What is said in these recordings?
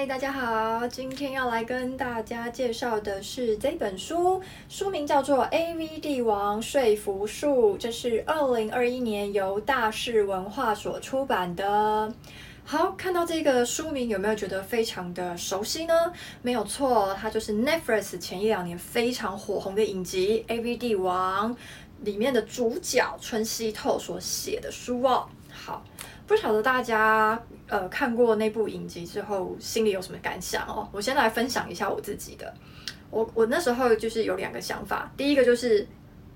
嗨，Hi, 大家好，今天要來跟大家介紹的是這本書，書名叫做《A V 帝王說服術》，這是二零二一年由大是文化所出版的。好，看到這個書名有沒有覺得非常的熟悉呢？沒有錯，它就是 n e t f r i s 前一兩年非常火紅的影集《A V 帝王》裡面的主角春熙透所寫的書哦。好，不曉得大家呃看過那部影集之後心裡有什麼感想哦？我先來分享一下我自己的，我我那時候就是有兩個想法，第一個就是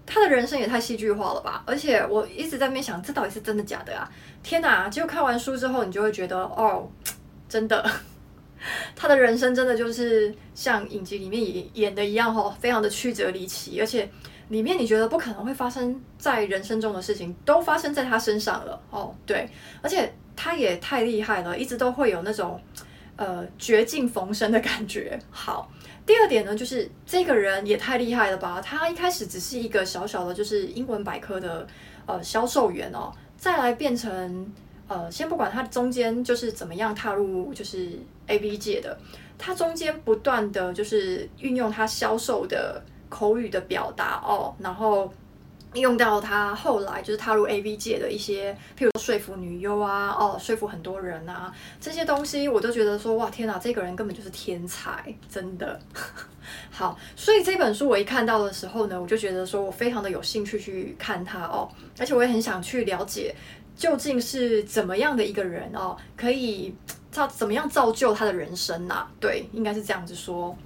他的人生也太戲劇化了吧，而且我一直在邊想這到底是真的假的啊？天哪！結果看完書之後你就會覺得哦，真的。他的人生真的就是像影集裡面演的一樣哈、哦，非常的曲折離奇，而且裡面你覺得不可能會發生在人生中的事情，都發生在他身上了哦。對，而且他也太厲害了，一直都會有那種呃絕境逢生的感覺。好，第二點呢，就是這個人也太厲害了吧？他一開始只是一個小小的就是英文百科的呃銷售員哦，再來變成。呃，先不管他中間就是怎麼樣踏入就是 AV 界的，他中間不斷的就是運用他銷售的口語的表達哦，然後。用到他後來就是踏入 AV 界的一些，譬如說，說服女優啊，哦，說服很多人啊，這些東西我都覺得說，哇，天哪，啊，這個人根本就是天才，真的 好。所以這本書我一看到的時候呢，我就覺得說我非常的有興趣去看他哦，而且我也很想去了解究竟是怎麼樣的一個人哦，可以造怎麼樣造就他的人生啊。對，應該是這樣子說。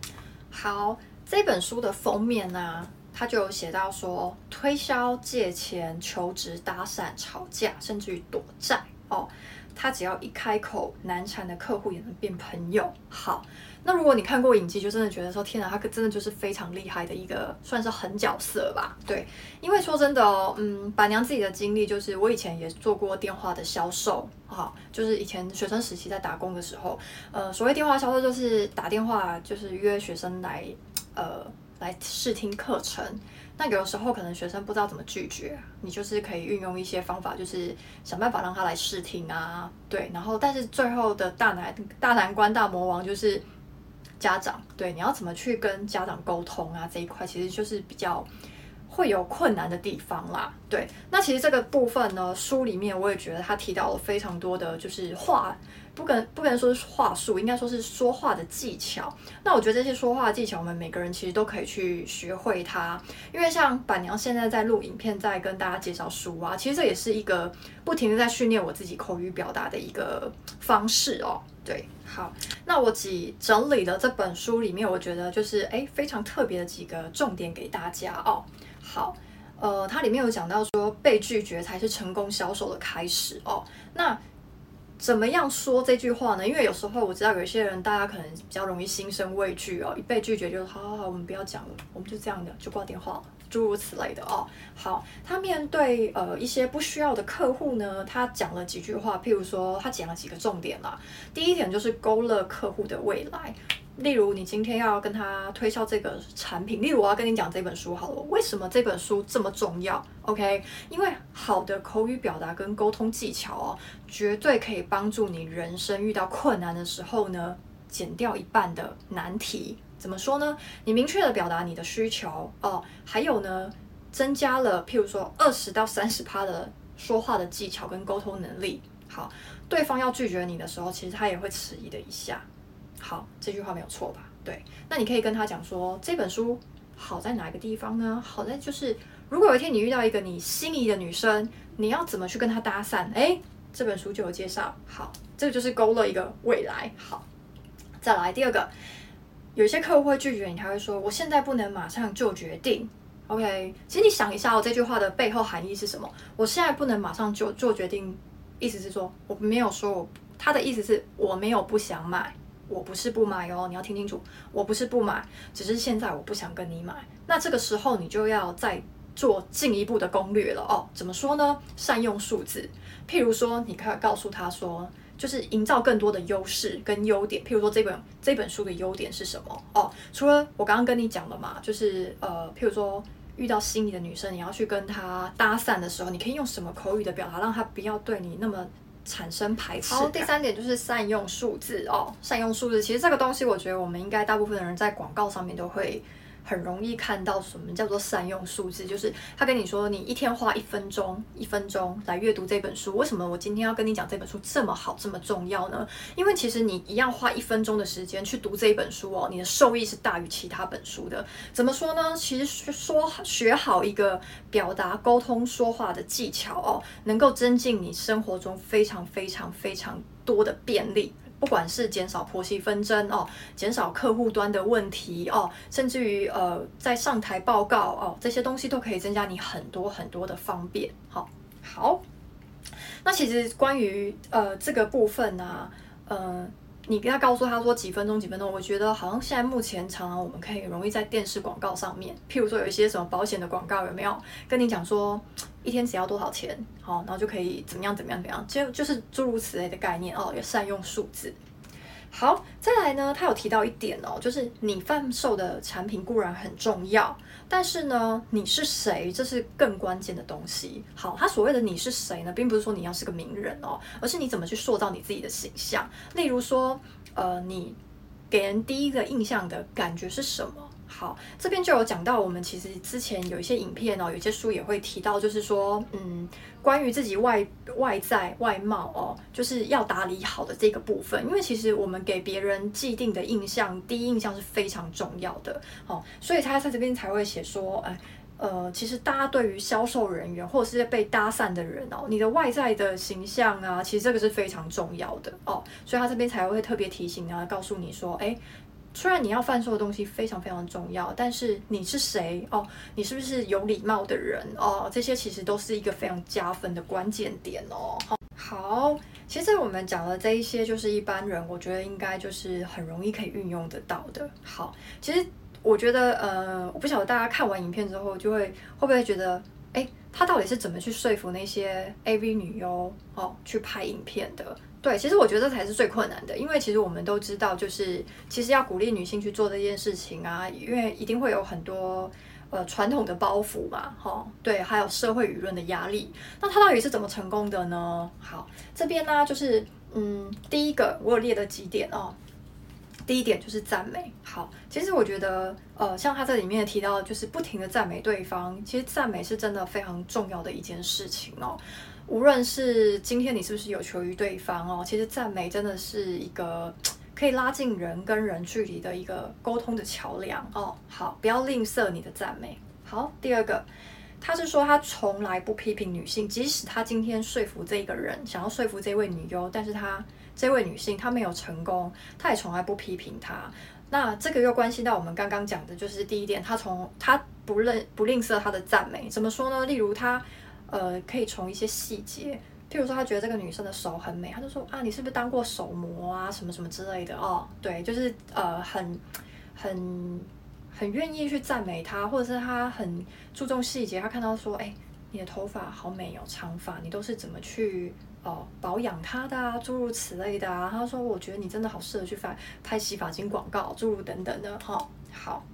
好，這本書的封面呢，啊？他就有寫到說，推銷、借錢、求職、搭訕、吵架，甚至於躲債哦。他只要一開口，難纏的客戶也能變朋友。好，那如果你看過影集，就真的覺得說，天哪，他真的就是非常厲害的一個，算是狠角色吧。對，因為說真的哦，嗯，板娘自己的經歷就是，我以前也做過電話的銷售哈，哦，就是以前學生時期在打工的時候，呃，所謂電話銷售就是打電話，就是約學生來，呃。來試聽課程，那有時候可能學生不知道怎麼拒絕，你就是可以運用一些方法，就是想辦法讓他來試聽啊，對，然後但是最後的大難大難關大魔王就是家長，對，你要怎麼去跟家長溝通啊，這一塊其實就是比較會有困難的地方啦，對，那其實這個部分呢，書裡面我也覺得他提到了非常多的就是話。不敢不敢說說話術，應該說是說話的技巧。那我覺得這些說話的技巧，我們每個人其實都可以去學會它。因為像板娘現在在錄影片，在跟大家介紹書啊，其實這也是一個不停的在訓練我自己口語表達的一個方式哦。對，好，那我幾整理了這本書裡面，我覺得就是誒，非常特別的幾個重點給大家哦。好，呃，它裡面有講到說，被拒絕才是成功銷售的開始哦。那怎麼樣說這句話呢？因為有時候我知道有些人，大家可能比較容易心生畏懼哦，一被拒絕就是好好好，我們不要講了，我們就這樣的就掛電話了，諸如此類的哦。好，他面對呃一些不需要的客戶呢，他講了幾句話，譬如說他講了幾個重點啦。第一點就是勾勒客戶的未來。例如，你今天要跟他推銷這個產品，例如我要跟你講這本書好了，為什麼這本書這麼重要？OK，因為好的口語表達跟溝通技巧哦，絕對可以幫助你人生遇到困難的時候呢，減掉一半的難題。怎麼說呢？你明確的表達你的需求哦，還有呢，增加了譬如說二十到三十趴的說話的技巧跟溝通能力。好，對方要拒絕你的時候，其實他也會遲疑的一下。好，這句話沒有錯吧？對，那你可以跟他講說，這本書好在哪個地方呢？好在就是，如果有一天你遇到一個你心儀的女生，你要怎麼去跟她搭訕？哎，這本書就有介紹。好，這個就是勾勒一個未來。好，再來第二個，有些客戶會拒絕你，他會說：“我現在不能馬上就決定。” OK，其實你想一下，哦，我這句話的背後含義是什麼？我現在不能馬上就做決定，意思是說我沒有說我，他的意思是，我沒有不想買。我不是不買哦，你要聽清楚，我不是不買，只是現在我不想跟你買。那這個時候你就要再做進一步的攻略了哦。怎麼說呢？善用數字，譬如說，你可以告訴他說，就是營造更多的優勢跟優點。譬如說，這本這本書的優點是什麼？哦，除了我剛剛跟你講的嘛，就是呃，譬如說，遇到心儀的女生，你要去跟她搭訕的時候，你可以用什麼口語的表達，讓她不要對你那麼。產生排斥。然後第三點就是善用數字哦，啊、善用數字。其實這個東西，我覺得我們應該大部分的人在廣告上面都會。很容易看到什麼叫做善用數字，就是他跟你說，你一天花一分鐘、一分鐘來閱讀這本書，為什麼我今天要跟你講這本書這麼好、這麼重要呢？因為其實你一樣花一分鐘的時間去讀這一本書哦，你的受益是大於其他本書的。怎麼說呢？其實說，學好一個表達、溝通、說話的技巧哦，能夠增進你生活中非常非常非常多的便利。不管是減少婆媳紛爭哦，減少客戶端的問題哦，甚至於呃，在上台報告哦，這些東西都可以增加你很多很多的方便。好、哦，好，那其實關於呃這個部分呢、啊，呃。你不要告訴他說幾分鐘幾分鐘，我覺得好像現在目前常常我們可以容易在電視廣告上面，譬如說有一些什麼保險的廣告，有沒有跟你講說一天只要多少錢，好，然後就可以怎麼樣怎麼樣怎麼樣，就就是諸如此類的概念哦，要善用數字。好，再來呢，他有提到一點哦，就是你販售的產品固然很重要，但是呢，你是誰，這是更關鍵的東西。好，他所謂的你是誰呢，並不是說你要是個名人哦，而是你怎麼去塑造你自己的形象。例如說，呃，你給人第一個印象的感覺是什麼？好，這邊就有講到，我們其實之前有一些影片哦、喔，有些書也會提到，就是說，嗯，關於自己外外在外貌哦、喔，就是要打理好的這個部分，因為其實我們給別人既定的印象，第一印象是非常重要的哦、喔，所以他在這邊才會寫說，誒、欸，呃，其實大家對於銷售人員或者是被搭訕的人哦、喔，你的外在的形象啊，其實這個是非常重要的哦、喔，所以他這邊才會特別提醒啊，啊告訴你說，哎、欸。雖然你要販售的東西非常非常重要，但是你是誰哦？你是不是有禮貌的人哦？這些其實都是一個非常加分的關鍵點哦。好，其實我們講的這一些，就是一般人我覺得應該就是很容易可以運用得到的。好，其實我覺得，呃，我不曉得大家看完影片之後，就會會不會覺得，哎、欸，他到底是怎麼去說服那些 AV 女優哦去拍影片的？對，其實我覺得這才是最困難的，因為其實我們都知道，就是其實要鼓勵女性去做這件事情啊，因為一定會有很多呃傳統的包袱嘛，哈、哦，對，還有社會輿論的壓力。那她到底是怎麼成功的呢？好，這邊呢、啊，就是嗯，第一個我有列的幾點哦。第一點就是讚美，好，其實我覺得呃，像她在裡面提到，就是不停的讚美對方，其實讚美是真的非常重要的一件事情哦。無論是今天你是不是有求於對方哦，其實讚美真的是一個可以拉近人跟人距離的一個溝通的橋樑哦。好，不要吝嗇你的讚美。好，第二個，他是說他從來不批評女性，即使他今天說服這個人，想要說服這位女優，但是他這位女性她沒有成功，他也從來不批評他。那這個又關係到我們剛剛講的，就是第一點，他從他不吝不吝嗇他的讚美，怎麼說呢？例如他。呃，可以從一些細節，譬如說他覺得這個女生的手很美，他就說啊，你是不是當過手模啊，什麼什麼之類的哦，對，就是呃很很很願意去讚美她，或者是他很注重細節，他看到說哎、欸，你的頭髮好美哦，長髮你都是怎麼去哦保養它的啊，諸如此類的啊，他說我覺得你真的好適合去拍拍洗髮精廣告，諸如等等的，哦。好。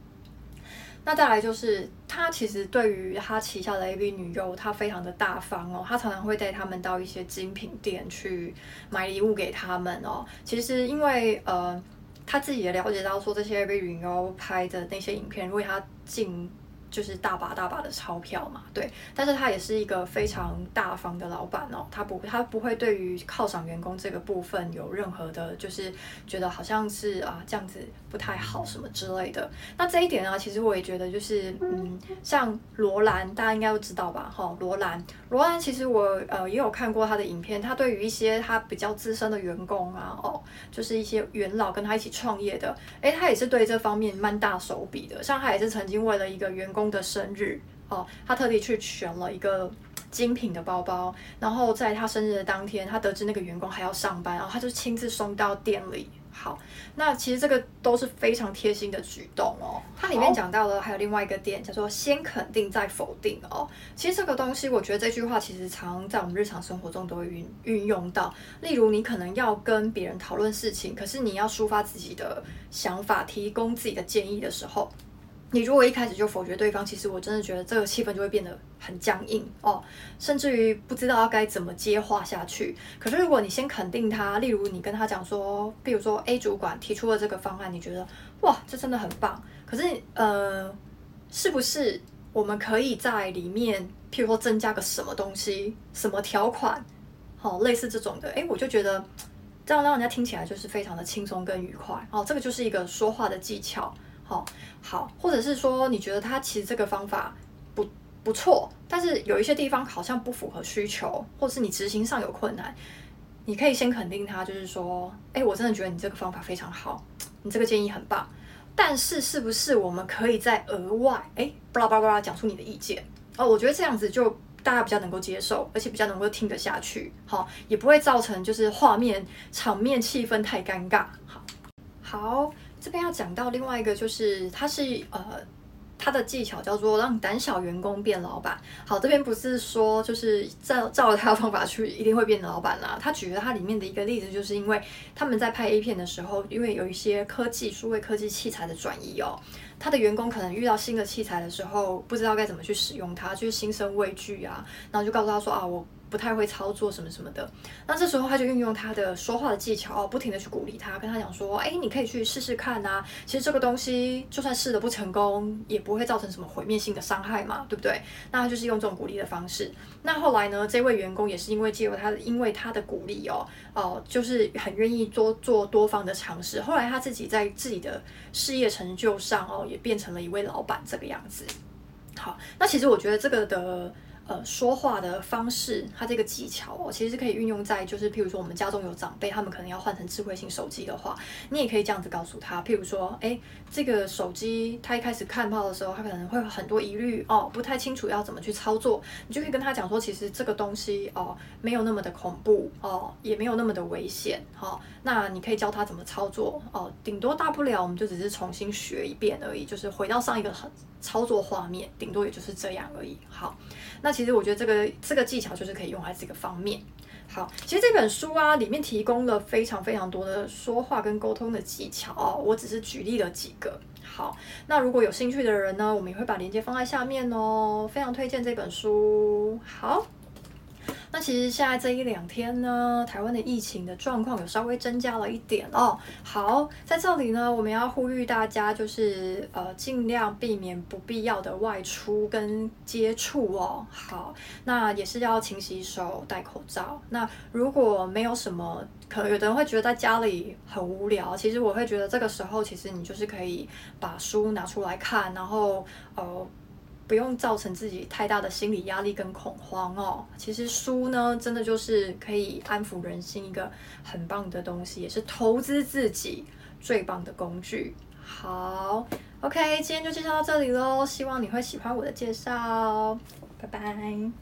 那再來就是，他其實對於他旗下的 AV 女優，他非常的大方哦，他常常會帶他們到一些精品店去買禮物給他們哦。其實因為呃，他自己也了解到說，這些 AV 女優拍的那些影片，如果他進。就是大把大把的鈔票嘛，對，但是他也是一個非常大方的老闆哦，他不他不會對於犒賞員工這個部分有任何的，就是覺得好像是啊這樣子不太好什麼之類的。那這一點啊，其實我也覺得就是，嗯，像羅蘭，大家應該都知道吧，哈、哦，羅蘭，羅蘭其實我呃也有看過他的影片，他對於一些他比較資深的員工啊，哦，就是一些元老跟他一起創業的，哎、欸，他也是對這方面蠻大手筆的，像他也是曾經為了一個員工的生日哦，他特地去選了一個精品的包包，然後在他生日的當天，他得知那個員工還要上班，然後他就親自送到店裡。好，那其實這個都是非常貼心的舉動哦。它裡面講到了還有另外一個點，好叫做先肯定再否定哦。其實這個東西，我覺得這句話其實常常在我們日常生活中都會運運用到。例如，你可能要跟別人討論事情，可是你要抒發自己的想法、提供自己的建議的時候，你如果一開始就否決對方，其實我真的覺得這個氣氛就會變得很僵硬哦，甚至於不知道要該怎麼接話下去。可是如果你先肯定他，例如你跟他講說，比如說 A 主管提出了這個方案，你覺得哇，這真的很棒。可是呃，是不是我們可以在裡面，譬如說增加個什麼東西、什麼條款，好、哦，類似這種的？哎、欸，我就覺得這樣讓人家聽起來就是非常的輕鬆跟愉快哦。這個就是一個說話的技巧。哦，好，或者是說，你覺得他其實這個方法不不錯，但是有一些地方好像不符合需求，或是你執行上有困難，你可以先肯定他，就是說，哎，我真的覺得你這個方法非常好，你這個建議很棒，但是是不是我們可以再額外，哎，巴拉巴拉巴拉講出你的意見？哦，我覺得這樣子就大家比較能夠接受，而且比較能夠聽得下去，好、哦，也不會造成就是畫面、場面、氣氛太尷尬。好、哦，好。這邊要講到另外一個，就是他是呃他的技巧叫做讓膽小員工變老板。好，這邊不是說就是照照他的方法去一定會變老板啦。他舉了他裡面的一個例子，就是因為他們在拍 A 片的時候，因為有一些科技，數位科技器材的轉移哦，他的員工可能遇到新的器材的時候，不知道該怎麼去使用它，就是心生畏懼啊，然後就告訴他說啊我。不太會操作什麼什麼的，那這時候他就運用他的說話的技巧哦，不停地去鼓勵他，跟他講說，哎，你可以去試試看吶、啊，其實這個東西就算試得不成功，也不會造成什麼毀滅性的傷害嘛，對不對？那他就是用這種鼓勵的方式。那後來呢，這位員工也是因為借由他，因為他的鼓勵哦哦，就是很願意多做，做多方的嘗試。後來他自己在自己的事業成就上哦，也變成了一位老板這個樣子。好，那其實我覺得這個的。呃，說話的方式，它這個技巧哦，其實是可以運用在，就是譬如說，我們家中有長輩，他們可能要換成智慧型手機的話，你也可以這樣子告訴他。譬如說，誒，這個手機，他一開始看到的時候，他可能會有很多疑慮哦，不太清楚要怎麼去操作，你就可以跟他講說，其實這個東西哦，沒有那麼的恐怖哦，也沒有那麼的危險哈、哦。那你可以教他怎麼操作哦，頂多大不了我們就只是重新學一遍而已，就是回到上一個很操作畫面，頂多也就是這樣而已。好，那。其實我覺得這個這個技巧就是可以用在這個方面。好，其實這本書啊裡面提供了非常非常多的說話跟溝通的技巧、哦，我只是舉例了幾個。好，那如果有興趣的人呢，我們也會把鏈接放在下面哦，非常推薦這本書。好。那其實現在這一兩天呢，台灣的疫情的狀況有稍微增加了一點哦。好，在這裡呢，我們要呼籲大家，就是呃，盡量避免不必要的外出跟接觸哦。好，那也是要勤洗手、戴口罩。那如果沒有什麼，可能有的人會覺得在家裡很無聊，其實我會覺得這個時候，其實你就是可以把書拿出來看，然後呃。不用造成自己太大的心理壓力跟恐慌哦。其實書呢，真的就是可以安撫人心一個很棒的東西，也是投資自己最棒的工具。好，OK，今天就介紹到這裡嘍，希望你會喜歡我的介紹，拜拜。